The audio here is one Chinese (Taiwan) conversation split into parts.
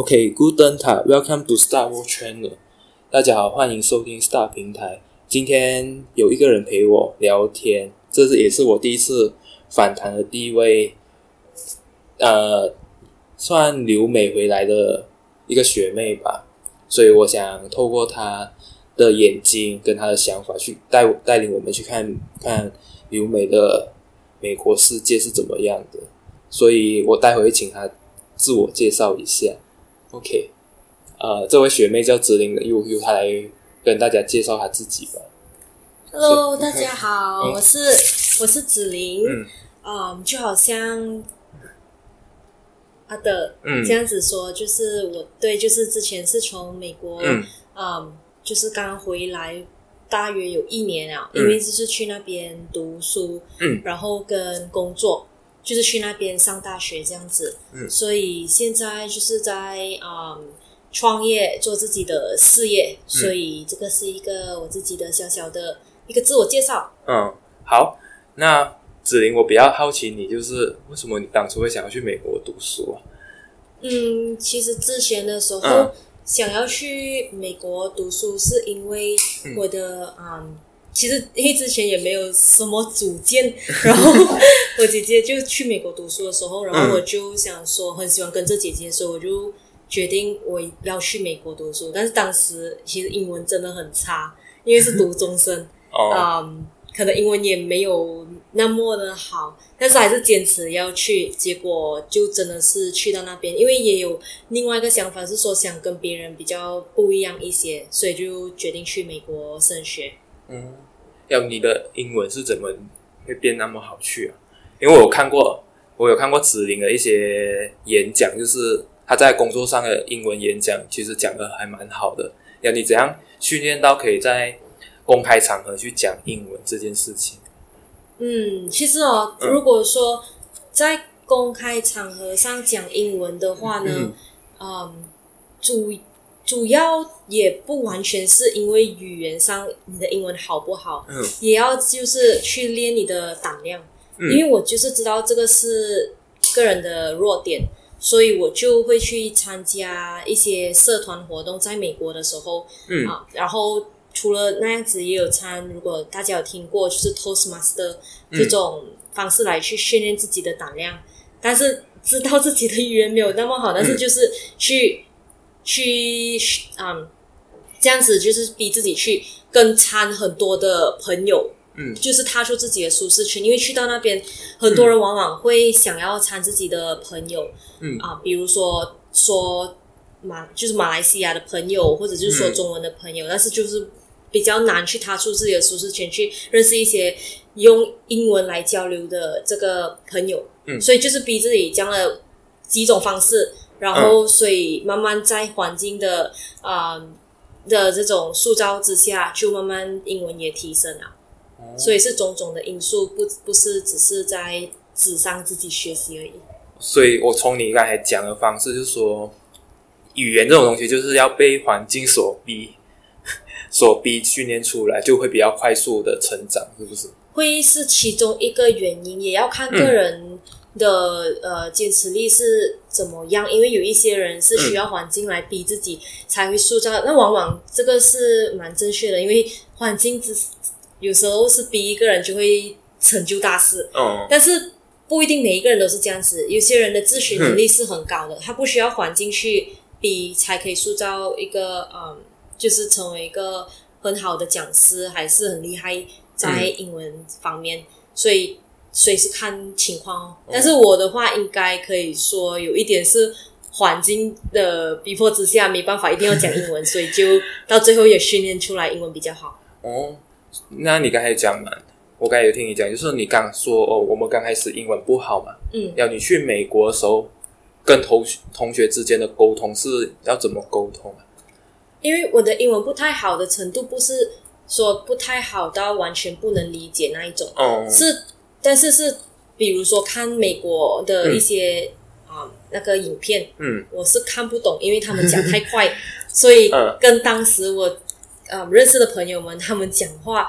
OK，Guten Tag, welcome to Stack's World Channel。大家好，歡迎收聽 Stack 平台。今天有一個人陪我聊天，這是也是我第一次訪談的第一位，呃，算留美回來的一個學妹吧。所以我想透過她的眼睛跟她的想法去帶帶領我們去看看留美的美國世界是怎麼樣的。所以我待會請她自我介紹一下。OK，呃，這位學妹叫紫玲，又、又，她來跟大家介紹她自己吧。Hello，Okay. 大家好，嗯、我是我是紫玲。嗯，嗯，就好像阿德，啊、嗯，這樣子說，就是我對，就是之前是從美國，嗯，嗯，就是剛回來大約有一年了，嗯、因為就是去那邊讀書，嗯，然後跟工作。就是去那邊上大學這樣子，嗯、所以現在就是在啊、um, 創業做自己的事業，嗯、所以這個是一個我自己的小小的一個自我介紹。嗯，好，那子琳我比較好奇你，就是為什麼你當初會想要去美國讀書啊？嗯，其實之前的時候、嗯、想要去美國讀書，是因為我的嗯……嗯其實因為之前也沒有什麼主見，然後我姐姐就去美國讀書的時候，然後我就想說很喜歡跟着姐姐，嗯、所以我就決定我要去美國讀書。但是當時其實英文真的很差，因為是讀中生，哦、嗯，可能英文也沒有那麼的好，但是還是堅持要去。結果就真的是去到那邊，因為也有另外一個想法是說想跟別人比較不一樣一些，所以就決定去美國升學。嗯。要你的英文是怎麼會變那麼好去啊？因為我看過，我有看過紫玲的一些演講，就是他在工作上的英文演講，其實講的還蠻好的。要你怎樣訓練到可以在公開場合去講英文這件事情？嗯，其實哦，嗯、如果說在公開場合上講英文的話呢，嗯，嗯，注意。主要也不完全是因為語言上你的英文好不好，也要就是去練你的膽量。因為我就是知道這個是個人的弱點，所以我就會去參加一些社團活動。在美國的時候，啊，然後除了那樣子也有參，如果大家有聽過，就是 Toastmaster 這種方式來去訓練自己的膽量。但是知道自己的語言沒有那麼好，但是就是去。去嗯，這樣子就是逼自己去跟參很多的朋友，嗯，就是踏出自己的舒適圈。因為去到那邊，很多人往往會想要參自己的朋友，嗯啊，比如說，說馬就是馬來西亞的朋友，或者就是說中文的朋友，嗯、但是就是比較難去踏出自己的舒適圈，去認識一些用英文來交流的這個朋友，嗯，所以就是逼自己這樣的幾種方式。然後，所以慢慢在環境的啊、嗯嗯、的這種塑造之下，就慢慢英文也提升了。嗯、所以是種種的因素，不不是只是在紙上自己學習而已。所以我從你剛才講的方式，就是說語言這種東西，就是要被環境所逼，所逼訓練出來，就會比較快速的成長，是不是？會是其中一個原因，也要看個人、嗯。的呃，堅持力是怎麼樣？因為有一些人是需要環境來逼自己、嗯、才會塑造，那往往這個是蠻正確的，因為環境只是有時候是逼一個人就會成就大事。嗯、哦，但是不一定每一個人都是這樣子，有些人的自學能力是很高的，嗯、他不需要環境去逼才可以塑造一個嗯、呃，就是成為一個很好的講師，還是很厲害在英文方面，嗯、所以。所以是看情況哦，但是我的話應該可以說有一點是環境的逼迫之下沒辦法，一定要講英文， 所以就到最後也訓練出來英文比較好。哦，那你剛才講嘛，我剛才有聽你講，就是你剛說哦，我們剛開始英文不好嘛，嗯，要你去美國的時候，跟同學同學之間的溝通是要怎麼溝通啊？因為我的英文不太好的程度，不是說不太好到完全不能理解那一種，哦，嗯，是。但是是，比如說看美國的一些啊、嗯嗯、那個影片，嗯，我是看不懂，因為他們講太快， 所以跟當時我啊、嗯嗯、認識的朋友們他們講話，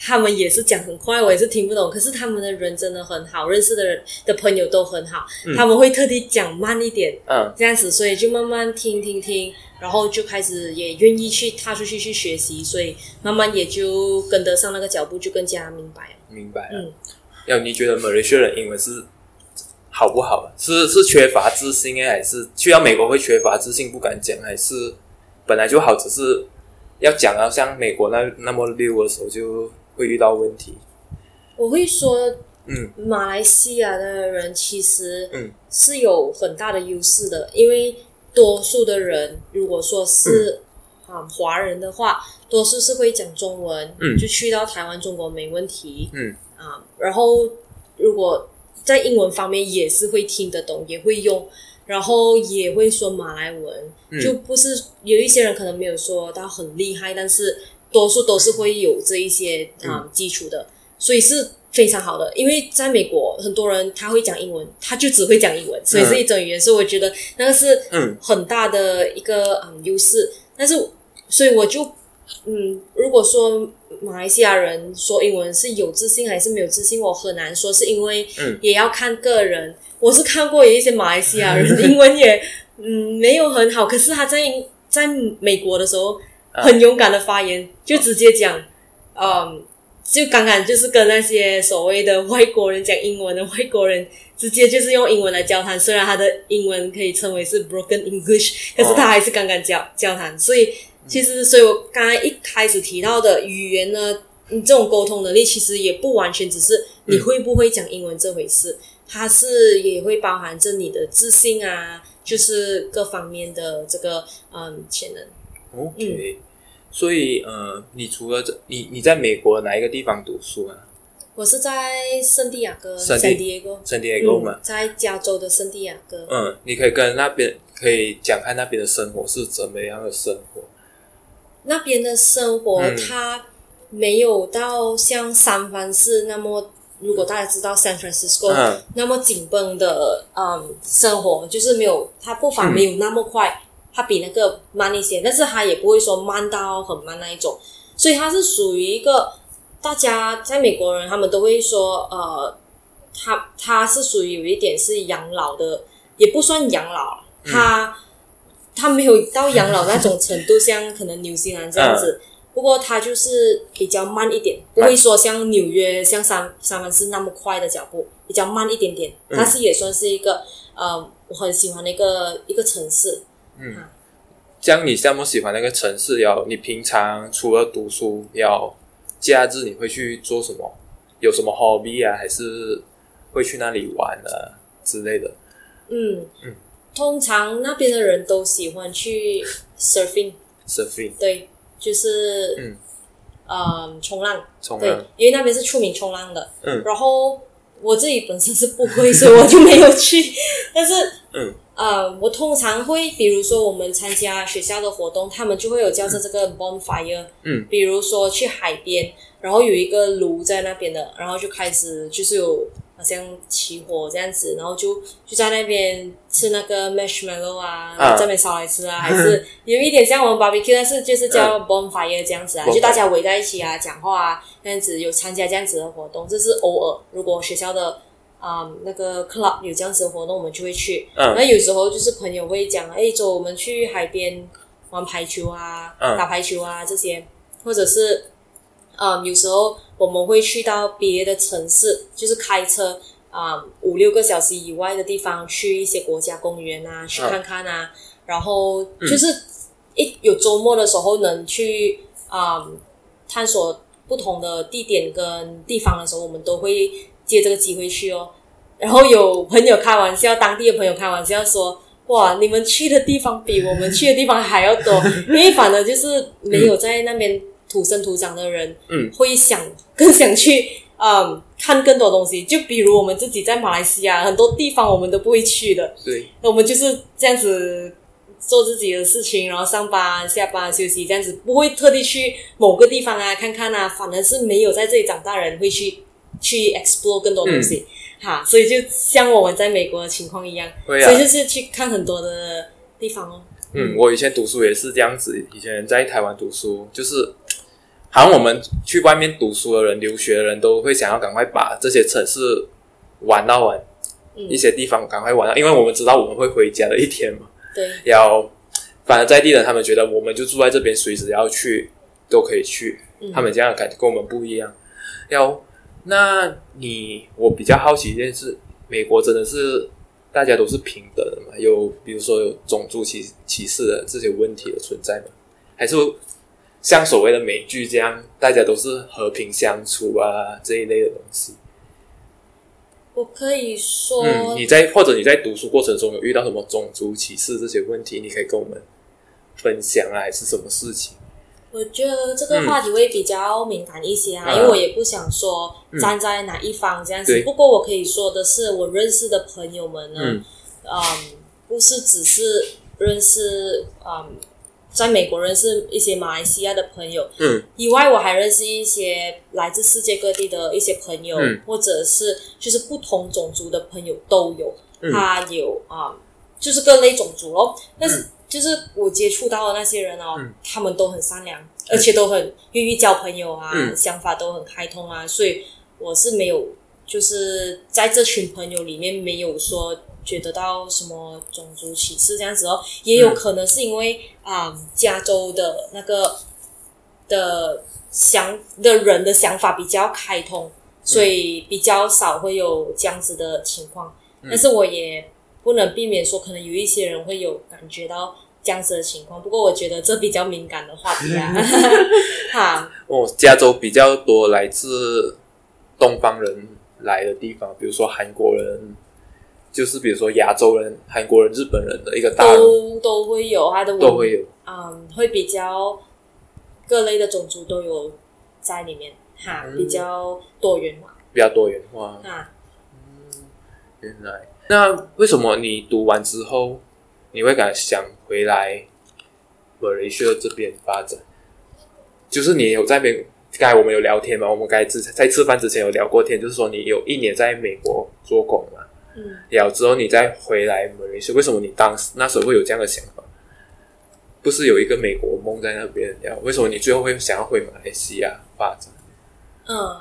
他們也是講很快，我也是聽不懂。可是他們的人真的很好，認識的人的朋友都很好，嗯、他們會特地講慢一點，嗯，這樣子，所以就慢慢聽，聽，聽，然後就開始也願意去踏出去去學習，所以慢慢也就跟得上那個腳步，就更加明白，明白了。嗯要你覺得馬來西亞人英文是好不好？是是缺乏自信啊，還是去到美國會缺乏自信，不敢講？還是本來就好，只是要講到像美國那那麼溜的時候，就會遇到問題？我會說，嗯，馬來西亞的人其實是有很大的優勢的，因為多數的人，如果說是啊華人的話，嗯，多數是會講中文，嗯，就去到台灣、中國沒問題，嗯。啊，然後如果在英文方面也是會聽得懂，也會用，然後也會說馬來文，嗯、就不是有一些人可能沒有說他很厲害，但是多數都是會有這一些啊、嗯嗯、基礎的，所以是非常好的。因為在美國，很多人他會講英文，他就只會講英文，所以是一種語言，嗯、所以我覺得那個是嗯很大的一個嗯優勢。但是所以我就嗯，如果說。馬來西亞人說英文是有自信還是沒有自信，我很難說，是因為也要看個人。嗯、我是看過有一些馬來西亞人 英文也嗯沒有很好，可是他在英在美國的時候很勇敢的發言，就直接講，嗯，嗯，就剛剛就是跟那些所謂的外國人講英文的外國人，直接就是用英文來交談。雖然他的英文可以稱為是 broken English，可是他還是剛剛交交談，所以。嗯、其實，所以我剛才一開始提到的語言呢，你、嗯、這種溝通能力，其實也不完全只是你會不會講英文這回事，嗯、它是也會包含着你的自信啊，就是各方面的這個嗯潛能。OK，、嗯、所以呃，你除了這你，你在美國哪一個地方讀書啊？我是在聖地亞哥，聖地亞哥，聖地亞哥嘛，在加州的聖地亞哥。嗯，你可以跟那邊可以講看那邊的生活是怎麼樣的生活。那邊的生活，他、嗯、沒有到像三藩市那麼，如果大家知道 San Francisco，、啊、那麼緊繃的嗯生活，就是沒有他步伐沒有那麼快，他、嗯、比那個慢一些，但是他也不會說慢到很慢那一種，所以他是屬於一個大家在美國人他們都會說呃，他他是屬於有一點是養老的，也不算養老，他。嗯他沒有到養老那種程度，像可能紐西蘭這樣子。 嗯、不過他就是比較慢一點，不會說像紐約、啊、像三、三藩市那麼快的腳步，比較慢一點點。嗯、但是也算是一個呃，我很喜歡的一個一個城市。嗯，像、啊、你這麼喜歡那個城市要，要你平常除了讀書要，要假日你會去做什麼？有什麼 hobby 啊，還是會去那裡玩啊之類的？嗯嗯。嗯通常那邊的人都喜歡去 surfing，surfing，surfing，對，就是嗯，嗯、呃、衝浪，衝浪，對，因為那邊是出名衝浪的。嗯，然後我自己本身是不會， 所以我就沒有去。但是，嗯，啊、呃，我通常會，比如說我們參加學校的活動，他們就會有叫做這個 bonfire。嗯，比如說去海邊，然後有一個爐在那邊的，然後就開始就是有。像起火這樣子，然後就就在那邊吃那個 marshmallow 啊，在那、uh, 邊燒來吃啊，還是有一點像我們 barbecue，但是就是叫 bonfire 這樣子啊，就大家圍在一起啊，講話啊，這樣子有參加這樣子的活動，這是偶爾。如果學校的嗯那個 club 有這樣子的活動，我們就會去。那、uh, 有時候就是朋友會講，誒、哎，走，我們去海邊玩排球啊，uh, 打排球啊這些，或者是嗯有時候。我們會去到別的城市，就是開車啊五六個小時以外的地方，去一些國家公園啊，去看看啊。啊然後就是、嗯、一有週末的時候，能去啊、呃、探索不同的地點跟地方的時候，我們都會借這個機會去哦。然後有朋友開玩笑，當地的朋友開玩笑說：“哇，你們去的地方比我們去的地方還要多， 因為反正就是沒有在那邊土生土長的人，嗯，會想。”更想去嗯，看更多東西，就比如我們自己在馬來西亞很多地方我們都不會去的，對，我們就是這樣子做自己的事情，然後上班、下班、休息這樣子，不會特地去某個地方啊看看啊，反而是沒有在這裡長大人會去去 explore 更多東西，嗯、哈，所以就像我們在美國的情況一樣，對啊，所以就是去看很多的地方哦。嗯，我以前讀書也是這樣子，以前在台灣讀書就是。好像我們去外面讀書的人、留學的人都會想要趕快把這些城市玩到完，嗯、一些地方趕快玩到，因為我們知道我們會回家的一天嘛。對。要，反而在地人他們覺得我們就住在這邊，隨時要去都可以去。嗯。他們這樣感覺跟我們不一樣。要、嗯，那你我比較好奇一件事：美國真的是大家都是平等的嗎？有，比如說有種族歧歧視的這些問題的存在嗎？還是？像所謂的美劇這樣，大家都是和平相處啊，這一類的東西。我可以說，嗯，你在或者你在讀書過程中有遇到什麼種族歧視這些問題，你可以跟我們分享啊，還是什麼事情？我覺得這個話題會比較敏感一些啊，嗯，因為我也不想說站在哪一方這樣子。嗯，不過我可以說的是，我認識的朋友們呢，嗯，嗯，不是只是認識，嗯。在美國認識一些馬來西亞的朋友，嗯，以外我還認識一些來自世界各地的一些朋友，嗯，或者是就是不同種族的朋友都有，嗯，他有啊，就是各類種族咯，但是，嗯，就是我接觸到的那些人哦，啊，嗯，他們都很善良，嗯，而且都很願意交朋友啊，嗯，想法都很開通啊，所以我是沒有，就是在這群朋友裡面沒有說。覺得到什麼種族歧視這樣子哦，也有可能是因為啊、嗯嗯，加州的那個的想的人的想法比較開通，嗯、所以比較少會有這樣子的情況。嗯、但是我也不能避免說，可能有一些人會有感覺到這樣子的情況。不過我覺得這比較敏感的話題啊。哈，我加州比較多來自東方人來的地方，比如說韓國人。就是比如說亞洲人、韓國人、日本人的一個大陸都都會有它的都會有嗯，會比較各類的種族都有在裡面哈，嗯、比較多元化，比較多元化啊。嗯哈，原來那為什麼你讀完之後你會感想回來馬來西亞這邊發展？就是你有在美，剛才我們有聊天嘛，我們剛才在吃飯之前有聊過天，就是說你有一年在美國做工嘛。了之後，你再回來馬來西亞？為什麼你當時那時候會有這樣的想法？不是有一個美國夢在那邊了，為什麼你最後會想要回馬來西亞發展？嗯，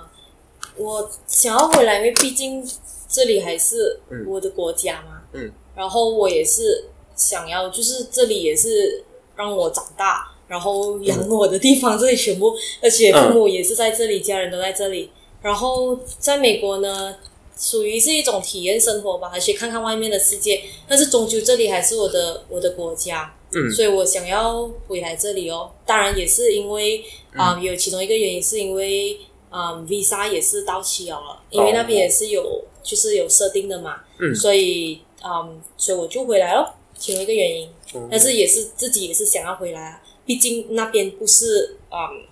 我想要回來，因為畢竟這裡還是我的國家嘛。嗯，嗯然後我也是想要，就是這裡也是讓我長大，然後養我的地方，嗯、這裡全部，而且父母也是在這裡，嗯、家人都在這裡。然後在美國呢？屬於是一種體驗生活吧，而且看看外面的世界。但是終究這裡還是我的我的國家，嗯、所以我想要回來這裡哦。當然也是因為啊、嗯呃，有其中一個原因是因為啊，Visa 也是到期了，因為那邊也是有、哦、就是有設定的嘛，嗯、所以啊、呃，所以我就回來嘍。其中一個原因，但是也是自己也是想要回來，啊，畢竟那邊不是啊。呃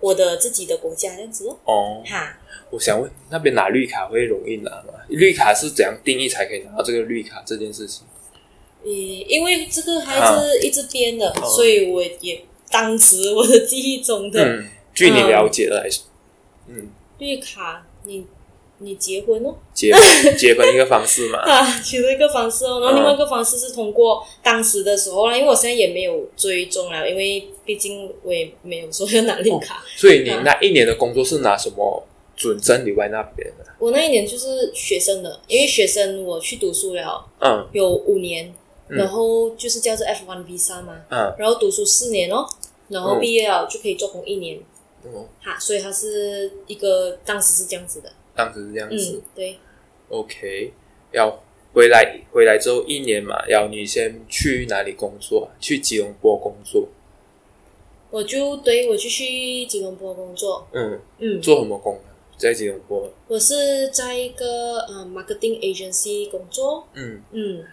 我的自己的國家這樣子哦，哦哈，我想問那邊拿綠卡會容易拿嗎？綠卡是怎樣定義才可以拿到這個綠卡這件事情？因為這個還是一直變的，啊、所以我也當時我的記憶中的，據你了解的來說，嗯，綠卡你。你結婚哦？結婚結婚一個方式嘛？ 啊，其中一個方式哦，然後另外一個方式是通過當時的時候啦，因為我現在也沒有追蹤啦，因為畢竟我也沒有說要拿綠卡。哦。所以你那一年的工作是拿什麼准證？你外那邊的？我那一年就是學生的，因為學生我去讀書了，嗯，有五年，然後就是叫做 F one visa 嘛，嗯，然後讀書四年哦，然後畢業了就可以做工一年，嗯，哈、啊，所以他是一個當時是這樣子的。當時是這樣子，嗯、對，OK，要回來回來之後一年嘛，要你先去哪裡工作？去吉隆坡工作。我就對我就去吉隆坡工作。嗯嗯，嗯做什麼工？在吉隆坡，我是在一個呃 marketing agency 工作。嗯嗯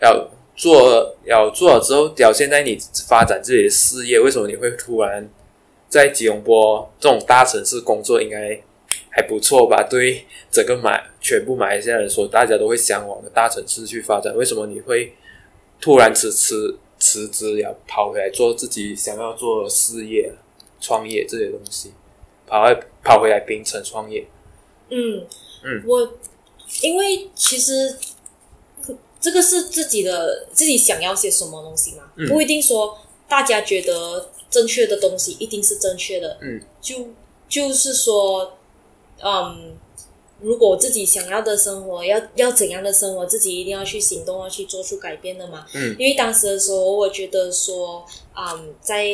要，要做要做了之後，表現在你發展自己的事業。為什麼你會突然在吉隆坡這種大城市工作？應該？還不錯吧？對整個馬全部馬來西亞來說，大家都會向往的大城市去發展。為什麼你會突然辭辭辭職，要跑回來做自己想要做的事業、創業這些東西？跑回跑回來檳城創業。嗯嗯，嗯我因為其實這個是自己的自己想要些什麼東西嘛，嗯、不一定說大家覺得正確的東西一定是正確的。嗯，就就是說。嗯，um, 如果我自己想要的生活，要要怎樣的生活，自己一定要去行動，要去做出改變的嘛。嗯，因為當時的時候，我覺得說，嗯、um，在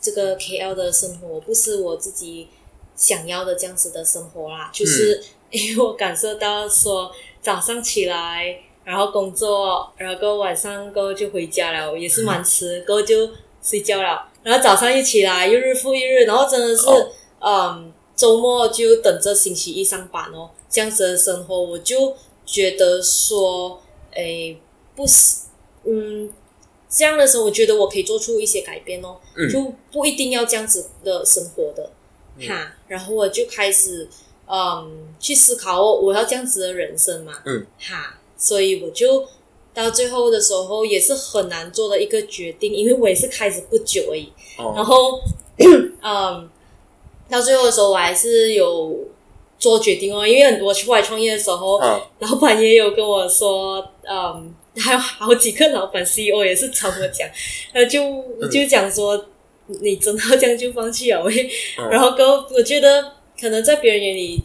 這個 KL 的生活不是我自己想要的這樣子的生活啦，就是因為我感受到說，早上起來，然後工作，然後過晚上過後就回家了，我也是蠻遲，過後就睡覺了，然後早上一起來，又日復一日，然後真的是，嗯。Oh. Um, 周末就等着星期一上班哦，這樣子的生活我就覺得說，誒，不，嗯，這樣的時候我覺得我可以做出一些改變哦，嗯、就不一定要這樣子的生活的，嗯、哈。然後我就開始，嗯，去思考我要這樣子的人生嘛，嗯，哈。所以我就到最後的時候也是很難做的一個決定，因為我也是開始不久而已，哦、然後，嗯。到最後的時候，我還是有做決定哦。因為很多出來創業的時候，啊、老闆也有跟我說，嗯，還有好幾個老闆 CEO 也是朝我講，他就、嗯、就講說：“你真的要這樣就放棄啊？”嗯、然後，我我覺得可能在別人眼裡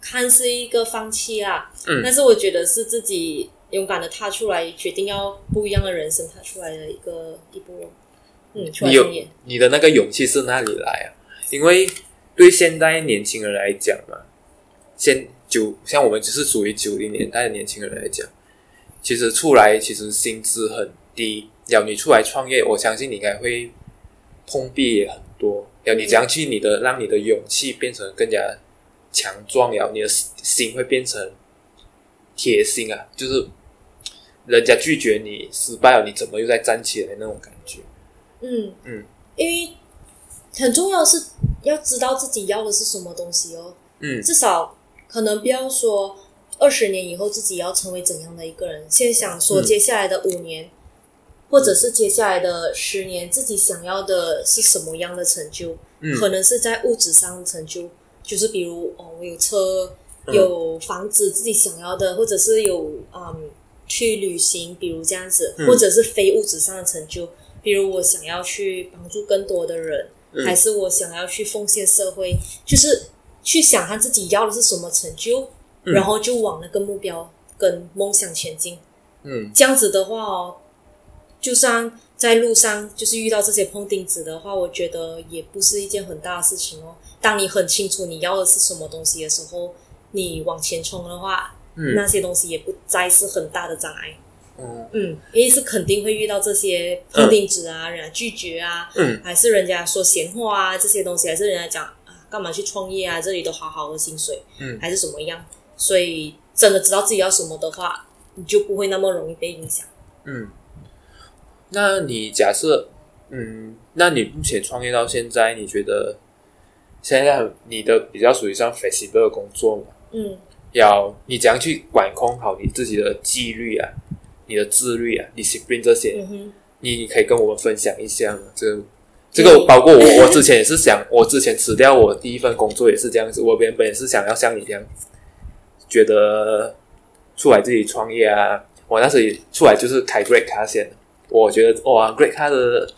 看是一個放棄啦，啊，嗯，但是我覺得是自己勇敢的踏出來，決定要不一樣的人生，踏出來的一個一步哦。嗯，出來創業。你的那個勇氣是哪裡來啊？因為對現在年輕人來講嘛，現就像我們就是屬於九零年代的年輕人來講，其實出來其實薪資很低。要你出來創業，我相信你應該會碰壁也很多。要你將去你的，嗯、讓你的勇氣變成更加強壯。要你的心會變成貼心啊，就是人家拒絕你失敗了，你怎麼又再站起來那種感覺？嗯嗯，嗯，因為很重要是。要知道自己要的是什麼東西哦。嗯，至少可能不要說二十年以後自己要成為怎樣的一個人，先想說接下來的五年，嗯、或者是接下來的十年，自己想要的是什麼樣的成就？嗯，可能是在物質上的成就，就是比如哦，我有車、有房子自己想要的，嗯、或者是有嗯去旅行，比如這樣子，嗯、或者是非物質上的成就，比如我想要去幫助更多的人。嗯、還是我想要去奉獻社會，就是去想他自己要的是什麼成就，嗯、然後就往那個目標跟夢想前進。嗯，這樣子的話哦，就算在路上就是遇到這些碰釘子的話，我覺得也不是一件很大的事情哦。當你很清楚你要的是什麼東西的時候，你往前衝的話，嗯、那些東西也不再是很大的障礙。嗯，也是肯定會遇到這些否定值啊，嗯、人家拒絕啊，嗯、還是人家說閒話啊，這些東西，還是人家講啊，幹嘛去創業啊？這裡都好好的薪水，嗯，還是什麼樣？所以真的知道自己要什麼的話，你就不會那麼容易被影響。嗯，那你假設，嗯，那你目前創業到現在，你覺得現在你的比較屬於像 Facebook 工作嘛？嗯，要你怎樣去管控好你自己的紀律啊？你的自律啊，你 spring 這些，嗯、哼你可以跟我們分享一下嘛？這，嗯、這個包括我，嗯、我之前也是想，嗯、我之前辭掉我第一份工作也是這樣子。我原本也是想要像你這樣，覺得出來自己創業啊。我那時候也出來就是開 Grab Car 先，我覺得哇，Grab Car 的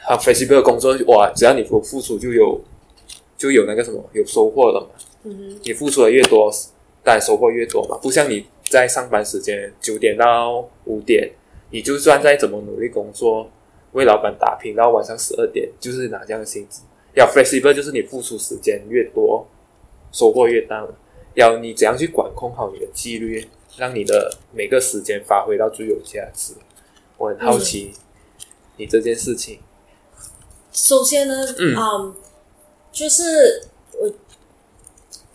很 Facebook 的工作，哇，只要你付付出就有就有那個什麼有收穫了嘛。嗯、哼你付出的越多，當然收穫越多嘛，不像你。在上班時間九點到五點，你就算再怎麼努力工作，為老板打拼到晚上十二點，就是拿這樣的薪資。要 flexible，就是你付出時間越多，收穫越大。要你怎樣去管控好你的紀律，讓你的每個時間發揮到最有價值。我很好奇，嗯，你這件事情。首先呢，嗯，就是我。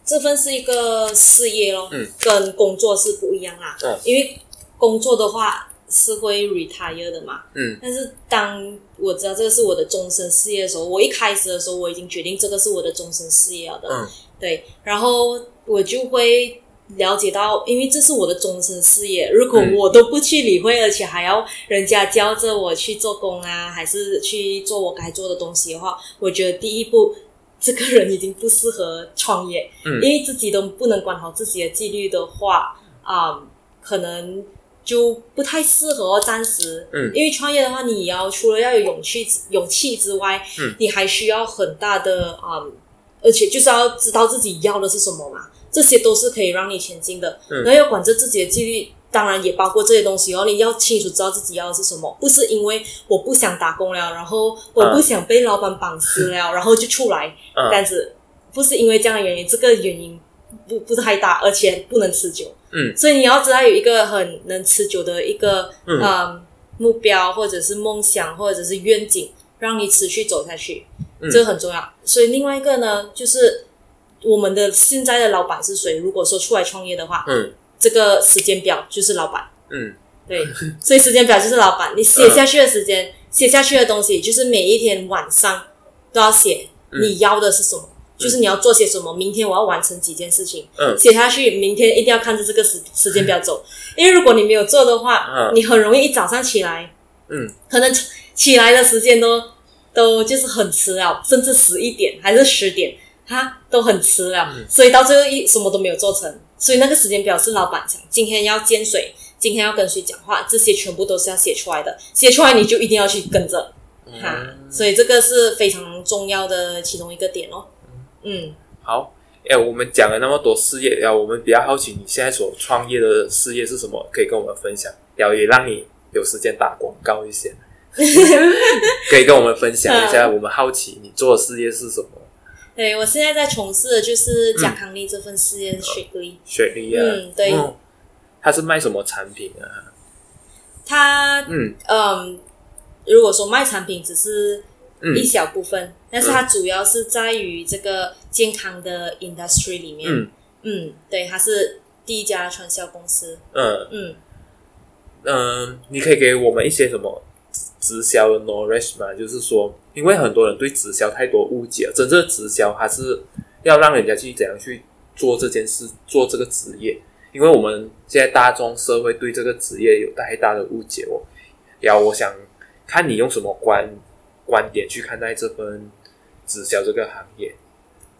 這份是一個事業咯，嗯，跟工作是不一樣啦，哦，因為工作的話是會 retire 的嘛，嗯，但是當我知道這個是我的終身事業的時候，我一開始的時候我已經決定這個是我的終身事業了的，嗯，對，然後我就會了解到，因為這是我的終身事業，如果我都不去理會，而且還要人家教着我去做工啊，還是去做我該做的東西的話，我覺得第一步。這個人已經不適合創業，嗯、因為自己都不能管好自己的紀律的話，啊、嗯，可能就不太適合暫時。嗯，因為創業的話，你要除了要有勇氣，勇氣之外，嗯，你還需要很大的啊、嗯，而且就是要知道自己要的是什麼嘛，這些都是可以讓你前進的。嗯，然後要管着自己的紀律。當然也包括這些東西哦，你要清楚知道自己要的是什麼。不是因為我不想打工了，然後我不想被老闆綁死了，uh, 然後就出來。Uh, 但是不是因為這樣的原因？這個原因不不太大，而且不能持久。嗯，所以你要知道有一個很能持久的一個嗯，嗯目標，或者是夢想，或者是願景，讓你持續走下去，嗯，這個很重要。所以另外一個呢，就是我們的現在的老闆是誰？如果說出來創業的話，嗯。這個時間表就是老闆，嗯，對，所以時間表就是老闆，你寫下去的時間，啊、寫下去的東西，就是每一天晚上都要寫，你要的是什麼？嗯、就是你要做些什麼？嗯、明天我要完成幾件事情？嗯，寫下去，明天一定要看着這個時時間表走，嗯、因為如果你沒有做的話，啊、你很容易一早上起來，嗯，可能起來的時間都都就是很遲了，甚至十一點還是十點，哈，都很遲了，嗯、所以到最後一什麼都沒有做成。所以那個時間表是老闆講，今天要見誰，今天要跟誰講話，這些全部都是要寫出來的。寫出來你就一定要去跟着，哈、嗯啊。所以這個是非常重要的其中一個點哦。嗯，好。哎、欸，我們講了那麼多事業，哎，我們比較好奇你現在所創業的事業是什麼，可以跟我們分享，然後也讓你有時間打廣告一些， 可以跟我們分享一下。我們好奇你做的事業是什麼？對，我現在在從事的就是嘉康利這份事業，Shaklee、嗯哦。Shaklee 啊，嗯、對、哦。他是賣什麼產品啊？他它嗯嗯、呃，如果說賣產品，只是一小部分，嗯、但是他主要是在於這個健康的 industry 裡面。嗯、嗯對，他是第一家傳銷公司。嗯嗯嗯、呃，你可以給我們一些什麼？直銷的 knowledge 嘛，就是說，因為很多人對直銷太多誤解了，真正直銷它是要讓人家去怎樣去做這件事，做這個職業。因為我們現在大眾社會對這個職業有太大的誤解哦。然後我想看你用什麼觀觀點去看待這份直銷這個行業。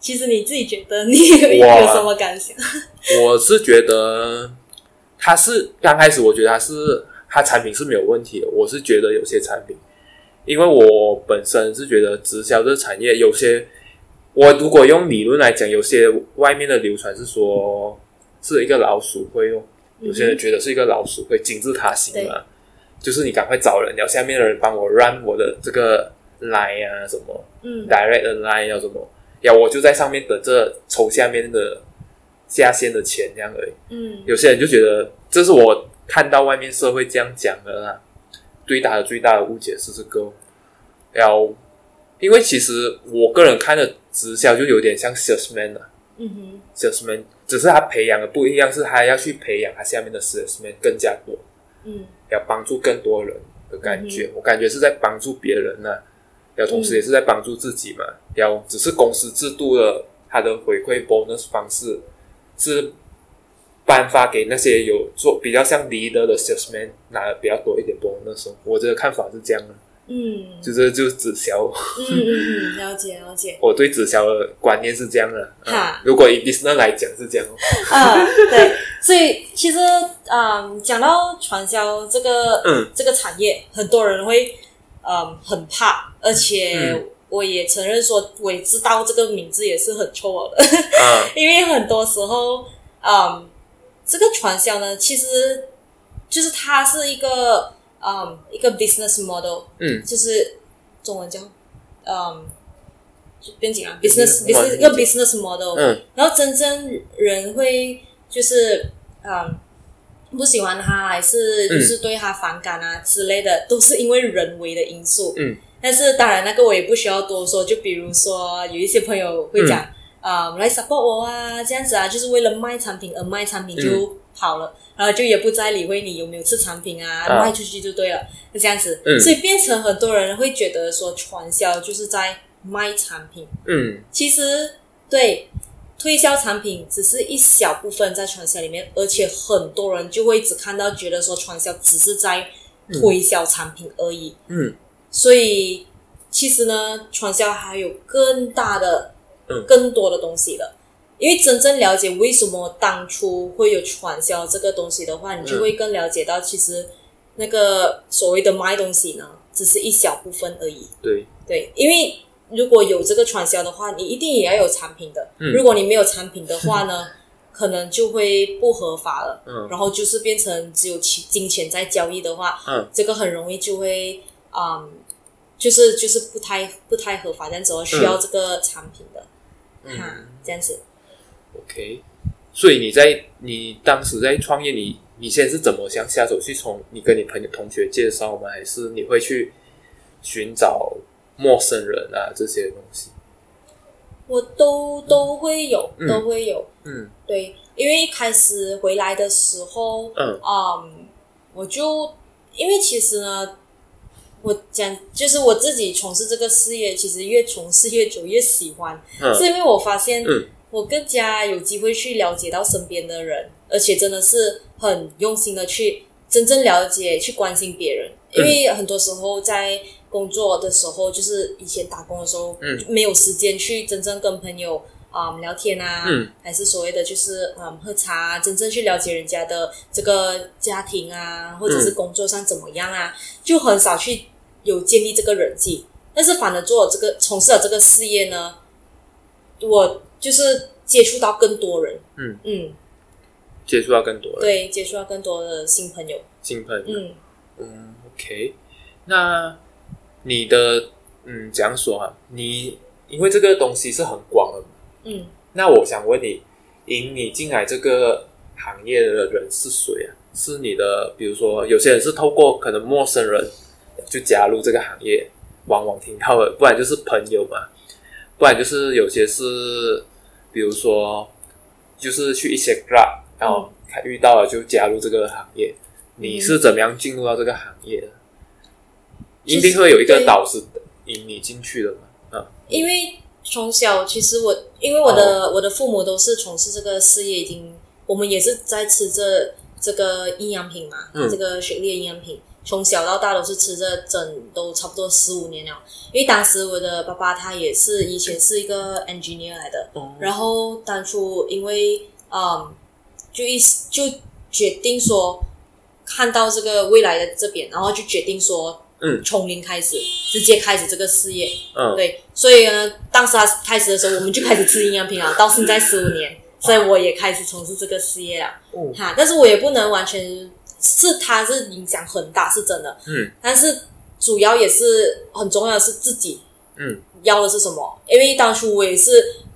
其實你自己覺得你哇 有什麼感想？我是覺得他是剛開始，我覺得他是。它產品是沒有問題的，我是覺得有些產品，因為我本身是覺得直銷這個產業有些，我如果用理論來講，有些外面的流傳是說是一個老鼠會用、哦，嗯、有些人覺得是一個老鼠會金字塔形嘛，對就是你趕快找人，要下面的人幫我 run 我的這個 line 啊什麼，嗯，direct line 要、啊、什麼，要我就在上面等着抽下面的下線的錢這樣而已，嗯，有些人就覺得這是我。看到外面社會這樣講了、啦，最大的最大的誤解是這個，要，因為其實我個人看的直銷就有點像 salesman 了、啊，嗯哼，salesman 只是他培養的不一樣，是他要去培養他下面的 salesman 更加多，嗯，要幫助更多人的感覺，嗯、哼我感覺是在幫助別人了、啊，要同時也是在幫助自己嘛，要、嗯、只是公司制度的他的回饋 bonus 方式是。頒發給那些有做比較像 leader 的 salesman 拿的比較多一點多，那時候我的看法是這樣的，嗯，就是就是直銷，嗯嗯，了解了解，了解我對直銷的觀念是這樣的，好哈、嗯，如果以 business 來講是這樣的，啊對，所以其實啊、嗯，講到傳銷這個、嗯、這個產業，很多人會嗯很怕，而且我也承認說我也知道這個名字也是很錯的，嗯、啊，因為很多時候嗯。這個傳銷呢，其實就是它是一個，嗯，一個 business model，嗯，就是中文叫，嗯，編輯啊、嗯、business business、嗯、一個 business model，嗯，然後真正人會就是，嗯，不喜歡他還是就是對他反感啊之類的，嗯、都是因為人為的因素，嗯，但是當然那個我也不需要多說，就比如說有一些朋友會講。嗯啊，來 support 我啊，這樣子啊，就是為了賣產品而賣產品就跑了，嗯、然後就也不再理會你有沒有吃產品啊，啊賣出去就對了，就這樣子，嗯、所以變成很多人會覺得說傳銷就是在賣產品，嗯，其實對推銷產品只是一小部分在傳銷裡面，而且很多人就會只看到覺得說傳銷只是在推銷產品而已，嗯，嗯所以其實呢，傳銷還有更大的。更多的東西了，因為真正了解為什麼當初會有傳銷這個東西的話，你就會更了解到，其實那個所謂的賣東西呢，只是一小部分而已。對對，因為如果有這個傳銷的話，你一定也要有產品的。嗯。如果你沒有產品的話呢， 可能就會不合法了。然後就是變成只有金錢在交易的話，嗯，這個很容易就會，嗯，就是就是不太不太合法，但只要需要這個產品的。嗯，這樣子，OK。所以你在你當時在創業，你你現在是怎麼想下手去從你跟你朋友同學介紹嗎？還是你會去尋找陌生人啊這些東西？我都都會有，都會有。嗯，嗯對，因為一開始回來的時候，嗯，嗯，我就因為其實呢。我講就是我自己從事這個事業，其實越從事越久越喜歡，嗯、是因為我發現、嗯、我更加有機會去了解到身邊的人，而且真的是很用心的去真正了解、去關心別人。因為很多時候在工作的時候，就是以前打工的時候，嗯、沒有時間去真正跟朋友啊、嗯、聊天啊，嗯、還是所謂的就是嗯喝茶，真正去了解人家的這個家庭啊，或者是工作上怎麼樣啊，嗯、就很少去。有建立這個人際，但是反而做了這個從事了這個事業呢，我就是接觸到更多人，嗯嗯，嗯接觸到更多人，對，接觸到更多的新朋友，新朋友，嗯,嗯 OK 那你的嗯，講說啊？你因為這個東西是很廣的，嗯，那我想問你，引你進來這個行業的人是誰啊？是你的，比如說有些人是透過可能陌生人。就加入這個行業，往往聽到了，不然就是朋友嘛，不然就是有些是，比如說，就是去一些 club，然後他、嗯、遇到了就加入這個行業。你是怎麼樣進入到這個行業的？嗯、一定會有一個導師引你進去的嗎？啊對，嗯、因為從小其實我，因為我的、哦、我的父母都是從事這個事業，已經我們也是在吃這這個營養品嘛，嗯、這個血液營養品。從小到大都是吃着整，都差不多十五年了。因為當時我的爸爸他也是以前是一個 engineer 來的，然後當初因為嗯，就一就決定說，看到這個未來的這邊，然後就決定說，嗯，從零開始，嗯、直接開始這個事業。嗯，對，所以呢、呃，當時他開始的時候，我們就開始吃營養品啊，到現在十五年，所以我也開始從事這個事業了。嗯，但是我也不能完全。是，他是影響很大，是真的。嗯，但是主要也是很重要的是自己，嗯，要的是什麼？因為當初我也是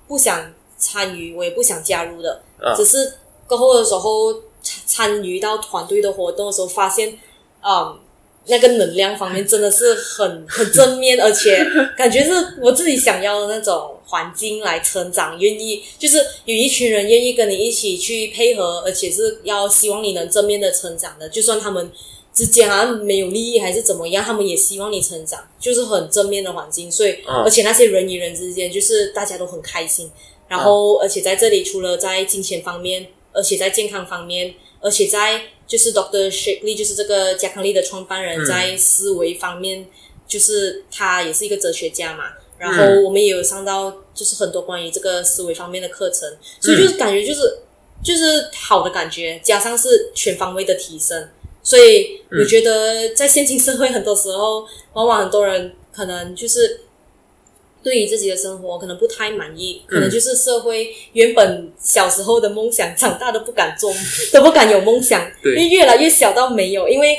不想參與，我也不想加入的，只是過後的時候參與到團隊的活動的時候，發現，嗯。那個能量方面真的是很很正面，而且感覺是我自己想要的那種環境來成長，願意就是有一群人願意跟你一起去配合，而且是要希望你能正面的成長的。就算他們之間好像沒有利益還是怎麼樣，他們也希望你成長，就是很正面的環境。所以，而且那些人與人之間，就是大家都很開心。然後，而且在這裡除了在金錢方面，而且在健康方面，而且在。就是 Doctor Shapley，就是這個加康利的創辦人，在思維方面，嗯、就是他也是一個哲學家嘛。然後我們也有上到，就是很多關於這個思維方面的課程，所以就是感覺就是、嗯、就是好的感覺，加上是全方位的提升，所以我覺得在現今社會，很多時候往往很多人可能就是。對於自己的生活，可能不太滿意，可能就是社會原本小時候的夢想，嗯、長大都不敢做， 都不敢有夢想，對因為越來越小到沒有。因為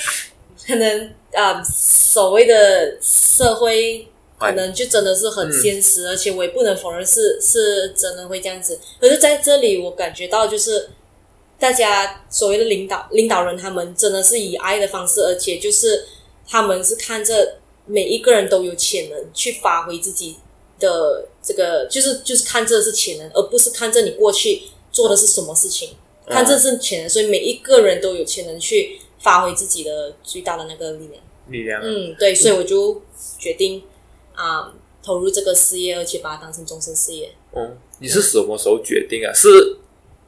可能啊、呃，所謂的社會可能就真的是很現實，嗯、而且我也不能否認是是真的會這樣子。可是在這裡，我感覺到就是大家所謂的領導領導人，他們真的是以愛的方式，而且就是他們是看着每一個人都有潛能去發揮自己。的這個就是就是看這是潛能，而不是看着你過去做的是什麼事情，哦、看這是潛能，所以每一個人都有潛能去發揮自己的最大的那個力量。力量、啊，嗯，對，所以我就決定你啊，投入這個事業，而且把它當成終身事業。嗯、哦，你是什麼時候決定啊？嗯是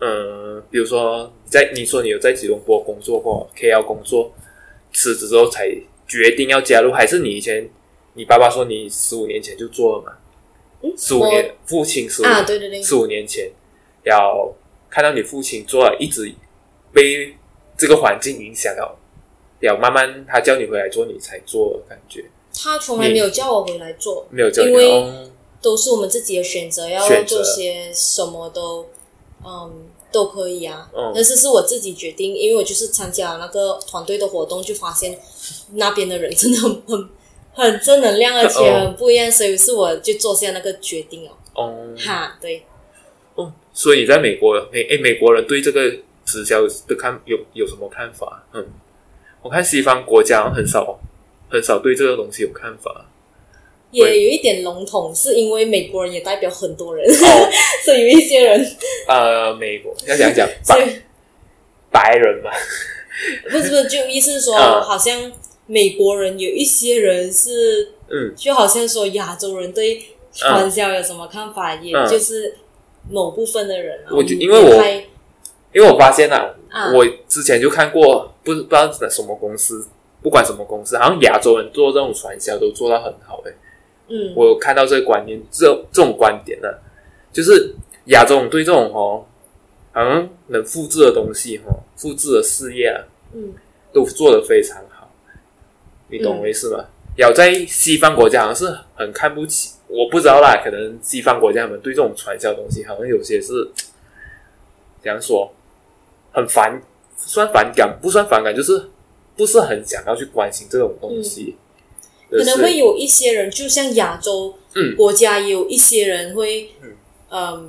嗯，比如說你在你說你有在吉隆坡工作過，KL 工作，辭職之後才決定要加入，還是你以前你爸爸說你十五年前就做了嘛？十五年，麼父親十五啊，對對對，十五年前，要看到你父親做了，一直被這個環境影響到，要慢慢他叫你回來做，你才做的感覺。他從來沒有叫我回來做，沒有你，因為都是我們自己的選擇，嗯、要做些什麼都，嗯，都可以啊，嗯、但是是我自己決定，因為我就是參加了那個團隊的活動，就發現那邊的人真的很很。 很正能量，而且很不一樣，哦、所以是我就做下那個決定哦。哦，哈，對。嗯、哦，所以你在美國美誒，美國人對這個直銷的看有有什麼看法？嗯，我看西方國家很少很少對這個東西有看法。也有一點籠統，是因為美國人也代表很多人，哦、 所以有一些人呃，美國，要講講 以白、白人嘛？ 不是不是，就意思是說、嗯、好像。美國人有一些人是，嗯，就好像說亞洲人對傳銷有什麼看法，也就是某部分的人，我就因為我因為我發現了，我之前就看過，不不知道什麼公司，不管什麼公司，好像亞洲人做這種傳銷都做到很好誒。嗯，我有看到這個觀念，這這種觀點呢，就是亞洲人對這種哦，嗯，能複製的東西哦，複製的事業，嗯，都做得非常好。你懂我意思嗎？有、嗯、在西方國家，好像是很看不起。我不知道啦，可能西方國家他們對這種傳銷東西，好像有些是，比方說很反，算反感不算反感，就是不是很想要去關心這種東西。嗯就是、可能會有一些人，就像亞洲、嗯、國家也有一些人會，嗯、呃，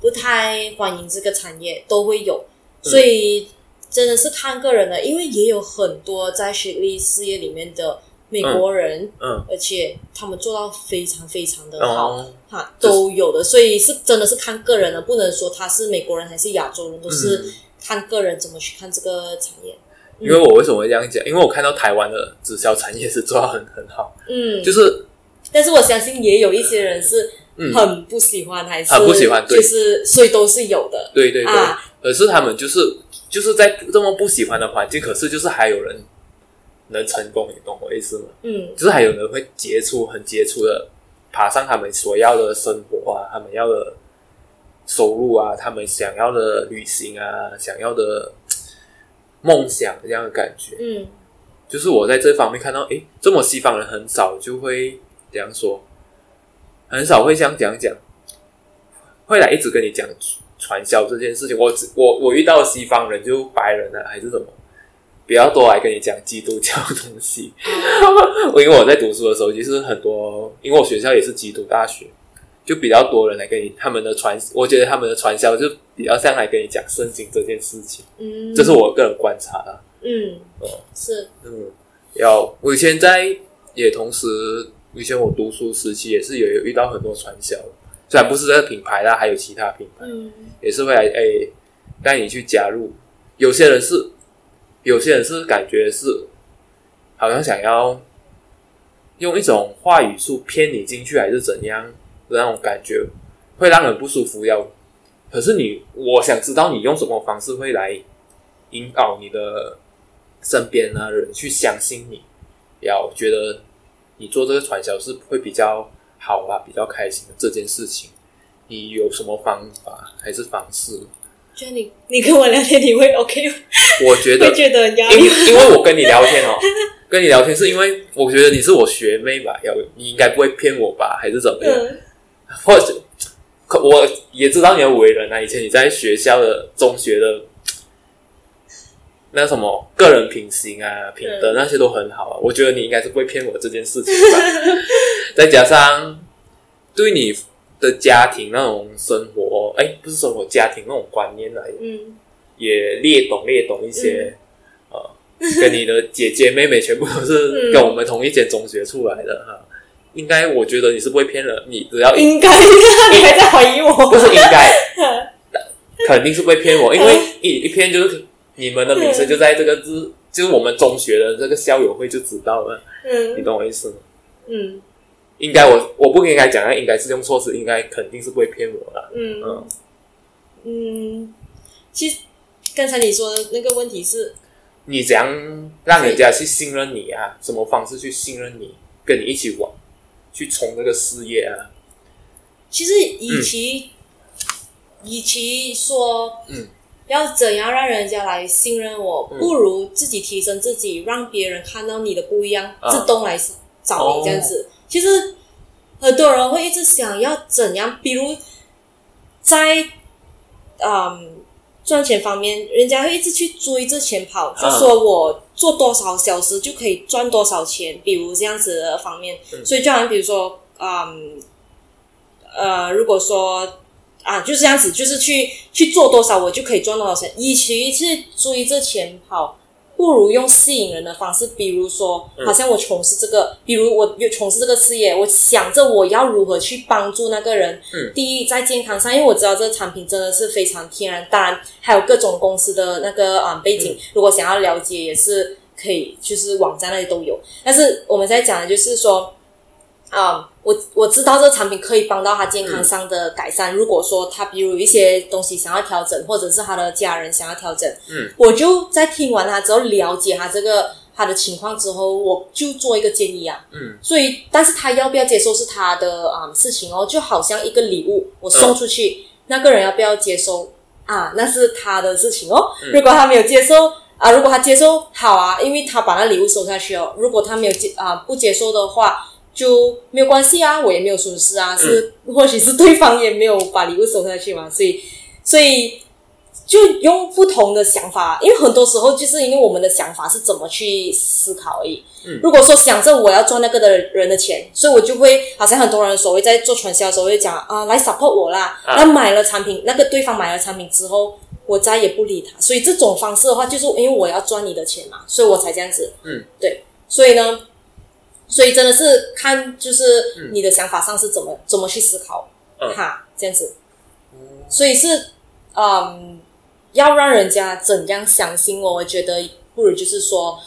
不太歡迎這個產業，都會有。嗯、所以。真的是看個人的，因為也有很多在學歷事業裡面的美國人，嗯，嗯，而且他們做到非常非常的好，哈、嗯，就是、都有的，所以是真的是看個人的，不能說他是美國人還是亞洲人，都是看個人怎麼去看這個產業。嗯、因為我為什麼會這樣講？因為我看到台灣的直銷產業是做到很很好，嗯，就是，但是我相信也有一些人是很不喜歡，還是、就是嗯、很不喜歡，就是所以都是有的，對對對。啊可是他們就是就是在這麼不喜歡的環境，可是就是還有人能成功，你懂我意思嗎？嗯，就是還有人會傑出、很傑出的爬上他們所要的生活啊，他們要的收入啊，他們想要的旅行啊，想要的夢想這樣的感覺。嗯，就是我在這方面看到，誒，這麼西方人很少就會怎樣說，很少會這樣講講，會來一直跟你講。傳銷這件事情，我我我遇到西方人就白人啊，還是什麼比較多來跟你講基督教的東西。我 因為我在讀書的時候，其實很多，因為我學校也是基督大學，就比較多人來跟你他們的傳，我覺得他們的傳銷就比較像來跟你講聖經這件事情。嗯，這是我個人觀察的。嗯，哦，嗯，是，嗯，要我以前在也同時以前我讀書時期也是有遇到很多傳銷的。雖然不是這個品牌啦，還有其他品牌，也是會來誒、哎、帶你去加入。有些人是，有些人是感覺是，好像想要用一種話語術騙你進去，還是怎樣的那種感覺，會讓人不舒服。要可是你，我想知道你用什麼方式會來引導你的身邊的人去相信你，要覺得你做這個傳銷是會比較。好吧，比較開心的這件事情，你有什麼方法還是方式？就你你跟我聊天你會 OK 嗎？我覺得， 會覺得壓力嗎？因為因為我跟你聊天哦， 跟你聊天是因為我覺得你是我學妹吧，要你應該不會騙我吧，還是怎麼樣？或者、嗯、我，我也知道你的為人啊，以前你在學校的中學的。那什麼個人品行啊、品、嗯、德那些都很好啊，我覺得你應該是不會騙我這件事情吧。 再加上對你的家庭那種生活，哎、欸，不是生活，家庭那種觀念來嗯，也略懂略懂一些、嗯呃。跟你的姐姐妹妹全部都是跟我們同一間中學出來的、嗯、哈，應該我覺得你是不會騙人，你只要應該，一你還在懷疑我？不是應該， 肯定是不會騙我，因為一、欸、一騙就是。你們的名聲就在這個字，嗯、就是我們中學的這個校友會就知道了。嗯，你懂我意思嗎？嗯，應該我我不應該講、啊，應該是這種措施，應該肯定是不會騙我了。嗯嗯，嗯，其實剛才你說的那個問題是，你怎樣讓人家去信任你啊？對什麼方式去信任你，跟你一起玩，去衝這個事業啊？其實與其，與其與其說，嗯。要怎樣讓人家來信任我？不如自己提升自己，讓別人看到你的不一樣，自動來找你這樣子。其實很多人會一直想要怎樣，比如在嗯、呃、賺錢方面，人家會一直去追着錢跑，就說我做多少小時就可以賺多少錢，比如這樣子的方面。所以就好像比如說，嗯，呃，呃，如果說。啊，就是這樣子，就是去去做多少，我就可以賺多少錢。與其去追着錢跑，不如用吸引人的方式，比如說，嗯、好像我從事這個，比如我有從事這個事業，我想着我要如何去幫助那個人。嗯，第一在健康上，因為我知道這個產品真的是非常天然，當然還有各種公司的那個啊背景。嗯、如果想要了解，也是可以，就是網站那裡都有。但是我們在講的就是說。啊，我我知道這個產品可以幫到他健康上的改善。嗯、如果說他比如一些東西想要調整，或者是他的家人想要調整，嗯，我就在聽完他之後了解他這個他的情況之後，我就做一個建議啊，嗯，所以但是他要不要接受是他的啊、嗯、事情哦，就好像一個禮物我送出去，嗯、那個人要不要接受啊，那是他的事情哦。如果他沒有接受啊，如果他接受好啊，因為他把那禮物收下去哦。如果他沒有接啊不接受的話，就沒有關係啊，我也沒有損失啊，是、嗯、或許是對方也沒有把禮物收下去嘛，所以所以就用不同的想法，因為很多時候就是因為我們的想法是怎麼去思考而已。嗯、如果說想着我要賺那個的人的錢，所以我就會好像很多人所謂在做傳銷的時候會講啊，來 support 我啦，啊、那買了產品，那個對方買了產品之後，我再也不理他，所以這種方式的話，就是因為我要賺你的錢嘛，所以我才這樣子。嗯，對，所以呢。所以真的是看，就是你的想法上是怎麼、嗯、怎麼去思考、嗯、哈，這樣子。所以是，嗯，要讓人家怎樣相信我？嗯、我覺得不如就是說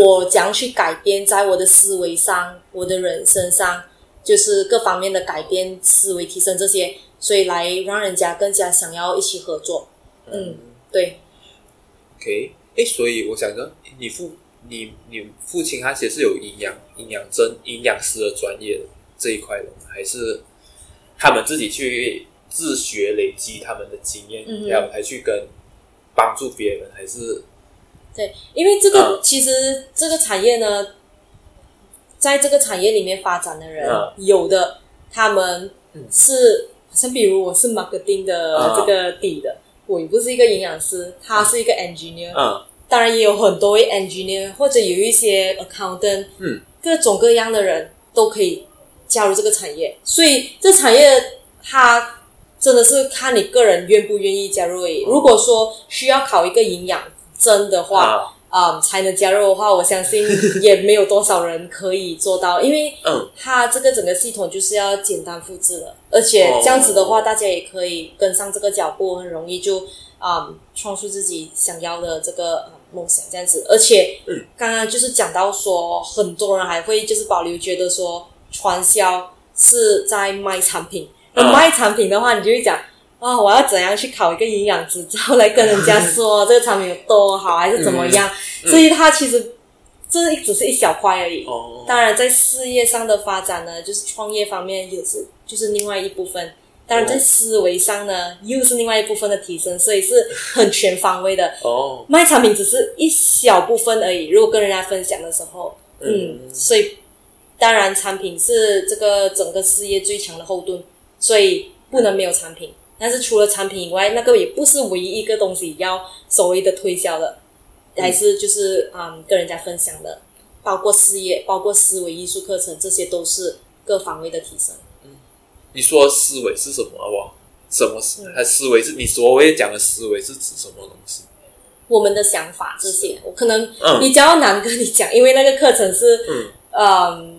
我怎樣去改變，在我的思維上，嗯、我的人生上，就是各方面的改變、嗯、思維提升這些，所以來讓人家更加想要一起合作。嗯，嗯對。OK，誒、hey,，所以我想着你付。你你父親他其實是有營養營養針、營養師的專業人這一塊的，還是他們自己去自學累積他們的經驗？嗯嗯然後還去跟幫助別人，還是？對，因為這個、嗯、其實這個產業呢，在這個產業裡面發展的人，嗯、有的他們是像比如我是 marketing 的這個底的，嗯、我不是一個營養師，他是一個 engineer、嗯。嗯當然也有很多 engineer 或者有一些 accountant，嗯，各種各樣的人都可以加入這個產業，所以這產業它真的是看你個人願不願意加入。如果說需要考一個營養證的話，啊，才能加入的話，我相信也沒有多少人可以做到，因為嗯，它這個整個系統就是要簡單複製的，而且這樣子的話，大家也可以跟上這個腳步，很容易就啊、呃，創出自己想要的這個。夢想這樣子，而且剛剛就是講到說，嗯、很多人還會就是保留覺得說，傳銷是在賣產品。那、啊、賣產品的話，你就會講啊、哦，我要怎樣去考一個營養執照，來跟人家說這個產品有多好，還是怎麼樣？嗯、所以它其實、嗯嗯、這只是一小塊而已。哦、當然，在事業上的發展呢，就是創業方面也、就是，就是另外一部分。當然，在思維上呢，又是另外一部分的提升，所以是很全方位的。哦，oh. 賣產品只是一小部分而已。如果跟人家分享的時候，mm. 嗯，所以當然產品是這個整個事業最強的後盾，所以不能沒有產品。Mm. 但是除了產品以外，那個也不是唯一一個東西要所謂的推銷的，還是就是、mm. 嗯，跟人家分享的，包括事業，包括思維藝術課程，這些都是各方位的提升。你說思維是什麼？好不好？什麼是？他思維是你所謂講的思維是指什麼東西？我們的想法這些，我可能比較難跟你講，嗯、因為那個課程是嗯，嗯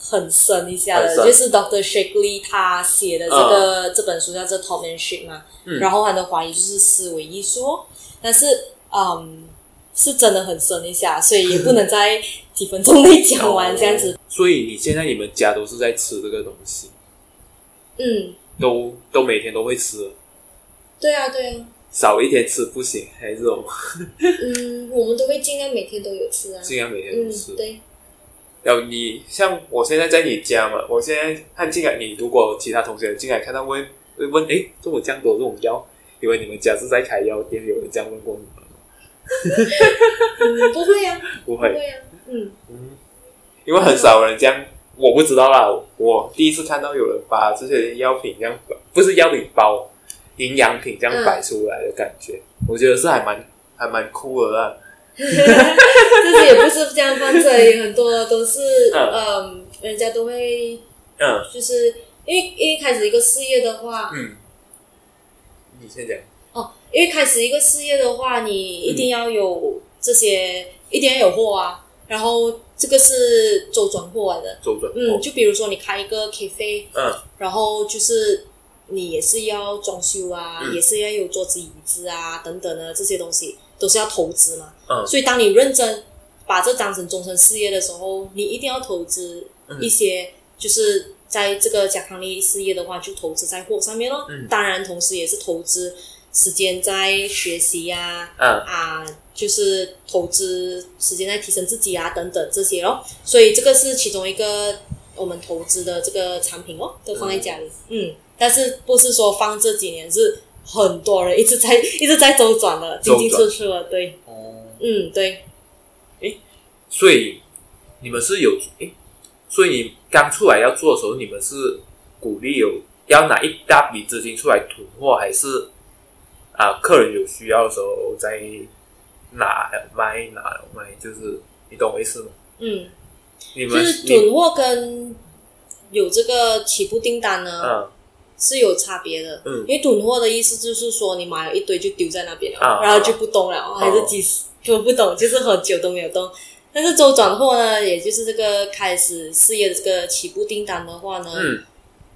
很深一下的，是啊、就是 Doctor Shigley 他寫的這個、嗯、這本書叫做 Topmanship 嘛，然後他的懷疑就是思維藝術，但是嗯是真的很深一下，所以也不能在幾分鐘內講完呵呵這樣子。所以你現在你們家都是在吃這個東西。嗯，都都每天都會吃。對啊，對啊。少一天吃不行，還是太熱。嗯，我們都會盡量每天都有吃啊，盡量每天都有吃，嗯。對。然後你像我現在在你家嘛，我現在看進來，你如果其他同學進來看到，會會問哎，怎麼這樣多這種藥。因為你們家是在開藥店，有人這樣問過你嗎？不會呀，不會嗯，因為很少人這樣。我不知道啦，我第一次看到有人把這些藥品這樣，不是藥品包，營養品這樣擺出來的感覺，嗯、我覺得是還蠻還蠻酷的啦呵呵。這是也不是這樣翻車，這裡很多都是嗯、呃，人家都會嗯，就是因為因為開始一個事業的話，嗯，你先講哦，因為開始一個事業的話，你一定要有這些，嗯、一定要有貨啊。然後這個是周轉過來的，周轉嗯，哦、就比如說你開一個 cafe，嗯、啊，然後就是你也是要裝修啊，嗯、也是要有桌子椅子啊等等的這些東西，都是要投資嘛。嗯、啊，所以當你認真把這當成終身事業的時候，你一定要投資一些，嗯、就是在這個健康力事業的話，就投資在貨上面咯。嗯，當然同時也是投資時間在學習呀。嗯啊。啊啊就是投資時間在提升自己啊，等等這些哦。所以這個是其中一個我們投資的這個產品哦，都放在家裡。嗯，嗯，但是不是說放這幾年是很多人一直在一直在週轉的進進出出的，轉對。嗯，嗯，對。誒，所以你們是有誒，所以你剛出來要做的時候，你們是鼓勵有要拿一大筆資金出來囤貨，還是啊、呃，客人有需要的時候再。哪，買哪，買，就是你懂我意思嗎？嗯，你們就是囤貨跟有這個起步訂單呢，嗯、是有差別的。嗯，因為囤貨的意思就是說，你買了一堆就丟在那邊了，嗯、然後就不動了，嗯、還是幾十都不動，就是很久都沒有動。但是週轉貨呢，也就是這個開始事業的這個起步訂單的話呢，嗯，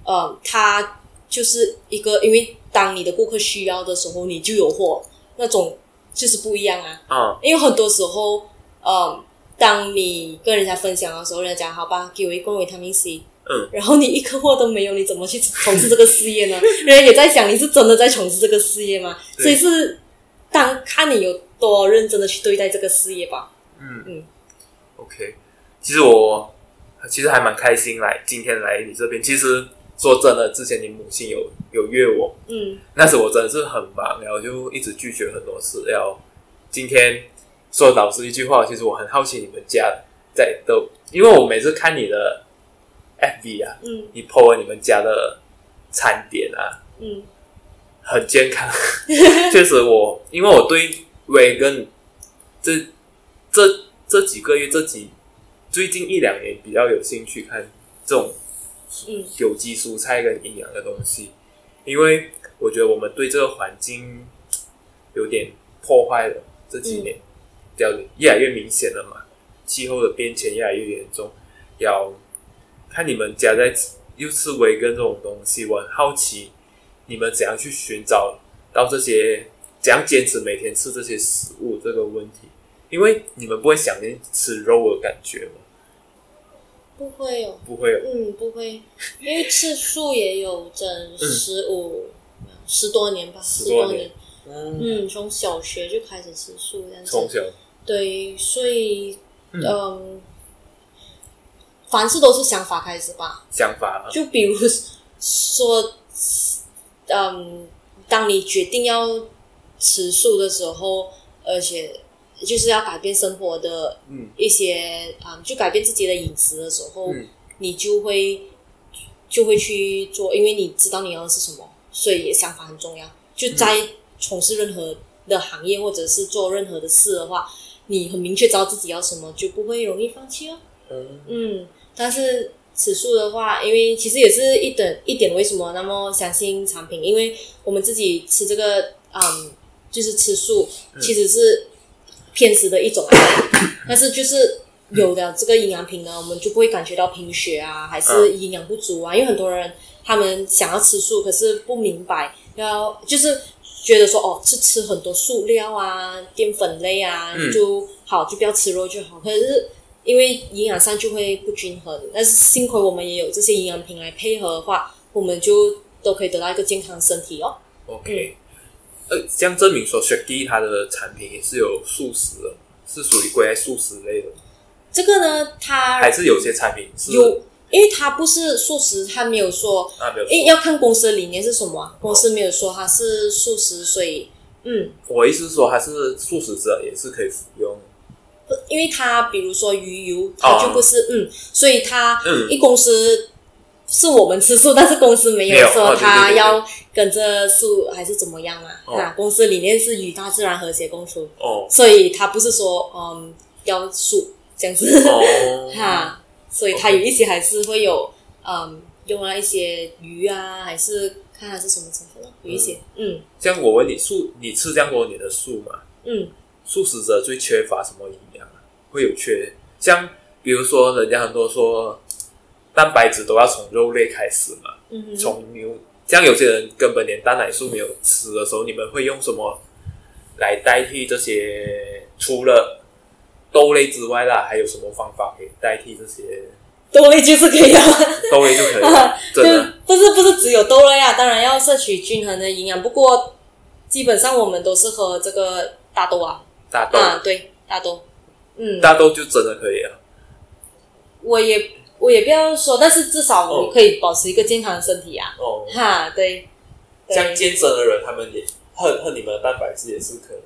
呃，它就是一個，因為當你的顧客需要的時候，你就有貨那種。就是不一樣啊，嗯、因為很多時候，呃、嗯，當你跟人家分享的時候，人家講“好吧，給我一罐維他命 C。嗯，然後你一顆貨都沒有，你怎麼去從事這個事業呢？ 人家也在想，你是真的在從事這個事業嗎？對所以是，當看你有多認真的去對待這個事業吧。嗯嗯，OK，其實我其實還蠻開心來今天來你這邊，其實。說真的，之前你母親有有約我，嗯，那時我真的是很忙，然後就一直拒絕很多次，然後今天說老實一句話，其實我很好奇你們家在都，因為我每次看你的 FB 啊，嗯，你 po 了你們家的餐點啊，嗯，很健康， 確實我因為我對 vegan 這這這幾個月這幾最近一兩年比較有興趣看這種。是有機蔬菜跟營養的東西，因為我覺得我們對這個環境有點破壞了這幾年，比較、嗯、越來越明顯了嘛，氣候的變遷越來越嚴重，要看你們家在又吃維根這種東西，我很好奇你們怎樣去尋找到這些，怎樣堅持每天吃這些食物這個問題，因為你們不會想念吃肉的感覺嗎？不會哦，不會哦，嗯，不會， 因為吃素也有整十五、嗯、十多年吧，十多年，多年嗯，嗯，從小學就開始吃素，這樣子，從小，對，所以，嗯，嗯，凡事都是想法開始吧，想法、啊，就比如說，說，嗯，當你決定要吃素的時候，而且。就是要改變生活的，一些啊、嗯嗯，就改變自己的飲食的時候，嗯、你就會就會去做，因為你知道你要的是什麼，所以想法很重要。就在從事任何的行業或者是做任何的事的話，你很明確知道自己要什麼，就不會容易放棄哦。嗯、嗯，但是吃素的話，因為其實也是一點一點，為什麼那麼相信產品？因為我們自己吃這個啊、嗯，就是吃素，其實是。偏食的一種，但是就是有了這個營養品呢，我們就不會感覺到貧血啊，還是營養不足啊。因為很多人他們想要吃素，可是不明白要就是覺得說哦，是吃很多素料啊、澱粉類啊就好，就不要吃肉就好。可是因為營養上就會不均衡。但是幸虧我們也有這些營養品來配合的話，我們就都可以得到一個健康的身體哦。OK。呃，這樣證明說，雪地它的產品也是有素食的，是屬於歸為素食類的。這個呢，它還是有些產品是有，因為它不是素食，它沒有說，啊沒有說、欸，要看公司的理念是什麼，公司沒有說它是素食，哦、所以嗯。我意思是說，它是素食者也是可以服用的，因為它比如說魚油，它就不是、哦、嗯，所以它、嗯、一公司。是我們吃素，但是公司沒有，沒有說他要跟着素還是怎麼樣嘛、啊？哈、哦啊，公司理念是與大自然和諧共處，哦，所以他不是說嗯，要素這樣子，哈、哦 啊，所以他有一些還是會有 Okay. 嗯，用了一些魚啊，還是看，看是什麼情況、啊，嗯、有一些嗯，像我問你素，你吃這樣多年的素嘛？嗯，素食者最缺乏什麼營養啊？會有缺，像比如說人家很多說。蛋白質都要從肉類開始嘛，嗯，從牛，像有些人根本連蛋奶素沒有吃的時候，你們會用什麼來代替這些？除了豆類之外啦，還有什麼方法可以代替這些？豆類就是可以啊，豆類就可以，就、 啊、真的？不是不是只有豆類啊，當然要攝取均衡的營養。不過基本上我們都是喝這個大豆啊，大豆啊，對大豆，嗯，大豆就真的可以啊，我也。我也不要說，但是至少我可以保持一個健康的身體啊！哦、哈，對。對像健身的人，他們也喝喝你們的蛋白質也是可以。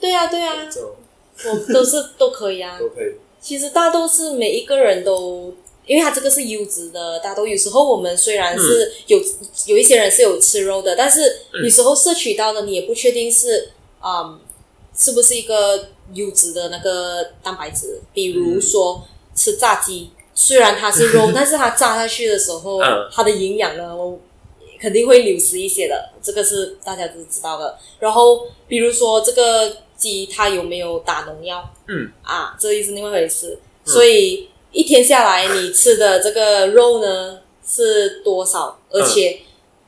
對呀、啊，對呀、啊，重我都是 都可以啊，都可以。其實，大都是每一個人都，因為它這個是優質的。大都有時候，我們雖然是有、嗯、有一些人是有吃肉的，但是有時候攝取到的你也不確定是啊、嗯嗯，是不是一個優質的那個蛋白質？比如說吃炸雞。雖然它是肉， 但是它炸下去的時候，嗯、它的營養呢肯定會流失一些的，這個是大家都知道的。然後，比如說這個雞，它有沒有打農藥？嗯，啊，這也是另外一回事。嗯、所以一天下來，你吃的這個肉呢是多少？而且，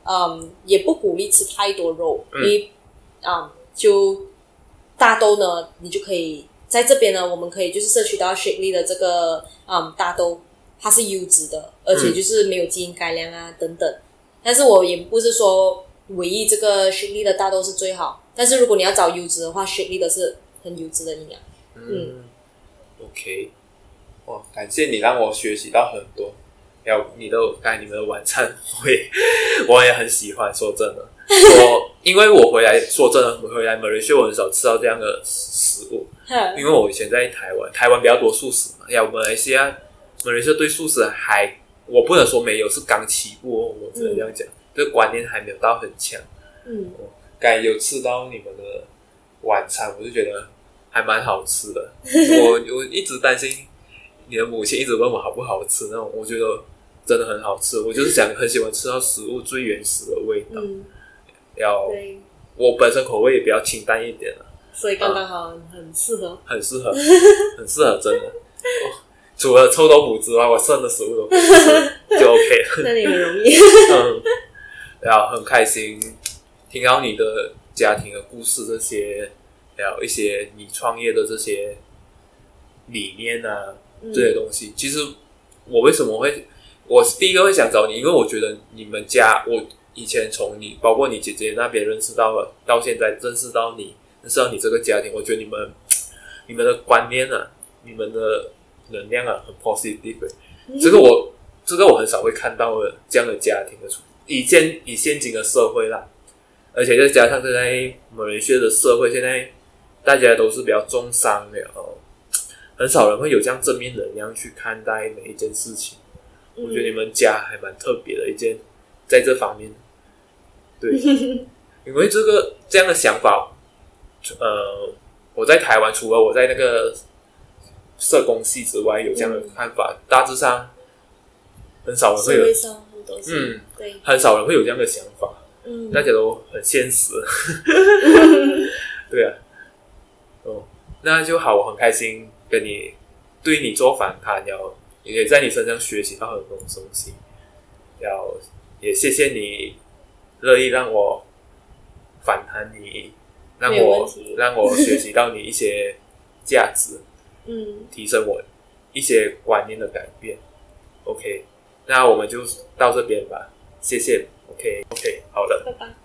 嗯，嗯，也不鼓勵吃太多肉。你、嗯、啊，就大豆呢，你就可以。在這邊呢，我們可以就是攝取到雪莉的這個，嗯、um，大豆它是優質的，而且就是沒有基因改良啊、嗯、等等。但是我也不是說唯一這個雪莉的大豆是最好，但是如果你要找優質的話，雪莉的是很優質的營養。嗯，OK，哇，感謝你讓我學習到很多。要，你的剛才你們的晚餐會，我也很喜歡。說真的，我 因為我回來，說真的，我回來，瑪麗秀我很少吃到這樣的食物。因為我以前在台灣，台灣比較多素食嘛。要馬來西亞，馬來西亞對素食還我不能說沒有，是剛起步、哦。我只能這樣講，這、嗯、觀念還沒有到很強。嗯，剛有吃到你們的晚餐，我就覺得還蠻好吃的。嗯、我我一直擔心你的母親一直問我好不好吃那種，我覺得真的很好吃。我就是想很喜歡吃到食物最原始的味道。要、嗯、我本身口味也比較清淡一點所以剛剛好、啊、很適合，很適合，很適合，真的、哦。除了臭豆腐之外，我剩的食物都 就 OK 了。那你很容易，嗯。然後很開心聽到你的家庭的故事，這些，還有一些你創業的這些理念啊，嗯、這些東西。其實我為什麼會我是第一個會想找你，因為我覺得你們家我以前從你包括你姐姐那邊認識到了，到現在認識到你。說到你這個家庭，我覺得你們，你們的觀念啊，你們的能量啊，很 positive 欸。這個我，這個我很少會看到的這樣的家庭的，以現以現今的社會啦，而且再加上現在馬來西亞的社會，現在大家都是比較重商的哦，很少人會有這樣正面能量去看待每一件事情。我覺得你們家還蠻特別的一件，在這方面，對，因為這個這樣的想法。呃，我在台灣，除了我在那個社工系之外，有這樣的看法，嗯、大致上，很少人會有，是是是是，嗯，對，很少人會有這樣的想法，嗯，大家都很現實，對啊，哦，那就好，我很開心跟你對你做訪談，要也在你身上學習到很多東西，要也謝謝你樂意讓我訪談你。讓我問 讓我學習到你一些價值，嗯，提升我一些觀念的改變。OK，那我們就到這邊吧，謝謝。OK OK，好了，拜拜。